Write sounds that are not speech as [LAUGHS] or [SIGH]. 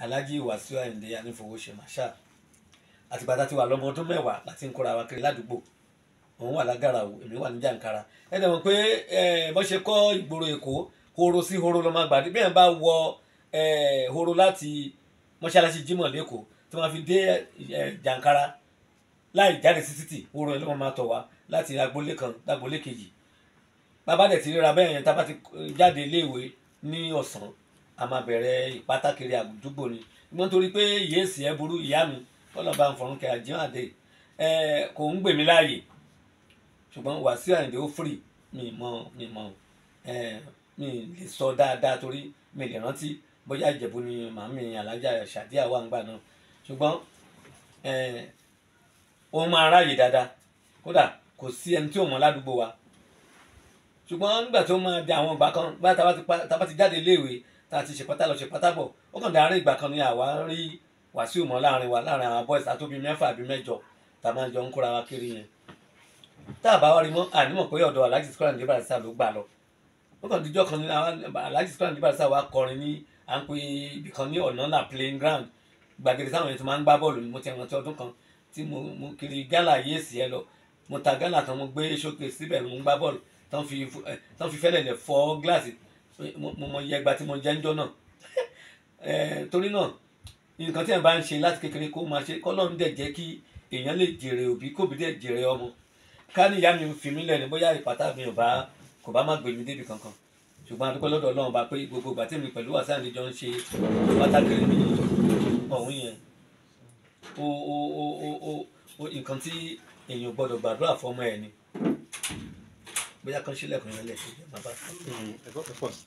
alhaji wasiu ayinde anífowóṣe masha àtìgbà tá a ti wà lọ́mọ ọdún mẹ́wàá láti ń kóra wa kiri ládùúgbò òun wà lágàrà o èmi wà ní jàǹkara ẹ dẹ̀ mọ̀ pé bọ́n ṣe kọ́ ìgboro èkó horo sí horo ló máa bí èèyàn bá wọ horo láti mọ́ṣáláṣí jímọ̀ lẹ́kọ̀ọ́ tí wọ́n fi dé jàǹkara láì jáde sí títì horo yẹn ló máa tọ̀ wá láti agboolé kan lágboolé kejì bàbá dẹ̀ ti ríra bẹ́ẹ̀ yẹn tá a bá ti jáde iléèwé ní ọ̀sán a máa bẹ̀rẹ̀ ìpátákiri àdúgbò ni mo torí pé ìyéèsì ẹ burú ìyá mi kọ́nà bá ń fọ̀rún kẹ́ àjíhàn àdé ẹ kò ń gbèmí láàyè ṣùgbọ́n Wàsíù Àyìndé ó fìrì mi mọ mi mọ ẹ mi lè sọ dáadáa torí mi lè rántí bóyá Ìjẹ̀bú ni màmí alájà Ṣàdíà wà ń gbà náà ṣùgbọ́n ẹ òun máa ráàyè dáadáa kódà kò sí ẹni tí òun ládùúgbò wa ṣùgbọ́n nígbà tó máa di àwọn ìgbà kan bá tá a bá ti jáde léèwé tá a ti ṣe lọ ṣe bọ̀ ó kàn dáa rí ìgbà kan ní àwa rí Wàsíù mọ́ láàrin wa láàrin àwọn boys àtòbí mẹ́fà àbí mẹ́jọ tá a máa jọ ń kóra wa kiri yẹn tá a bá wá rí mọ́ ànímọ̀ pé ọ̀dọ̀ Alhaji Sikoran Dibaraisa ló gbà lọ ó kàn díjọ́ kan ní Alhaji Sikoran Dibaraisa wa kọrin ní à ń pè ibìkan ní ọ̀nà playing ground gbàgede táwọn ètò máa ń gbá bọ́ọ̀lù mo ti rántí ọdún kan tí mo mo kiri gálà yéèsì ẹ lọ mo ta gálà tán mo gbé sókè síbẹ̀ mo ń gbá bọ́ọ̀lù tán fi fẹ́lẹ̀ lẹ̀ fọ́ gíláàsì mo mọ iye ẹgbàá tí mo jẹ́ ńjọ́ náà [LAUGHS] eh, torí náà nǹkan tí ẹ̀ bá ń ṣe láti kékeré kó máa ṣe kọ́ lọ́run dẹ̀ jẹ́ kí èèyàn lè jèrè òbí kóbi dẹ̀ jèrè ọmọ ká ní ìyá mi fi mí lẹ́nu bóyá ìpàtà mi ò bá kò bá má gbé mi débi kankan ṣùgbọ́n a lọ́dọ̀ Ọlọ́run bá pé gbogbo ìgbà tèmi pẹ̀lú wàsá àlejò ń ṣe pátákìrì mi ọ̀hún yẹn o o o o nǹkan tí èèyàn gbọ́dọ̀ gbàdúrà fọmọ ẹ̀ ni bóyá kan sílẹ̀kùn yẹn lẹ̀ hmm, ẹ̀kọ́ pẹ̀pọ̀ sí.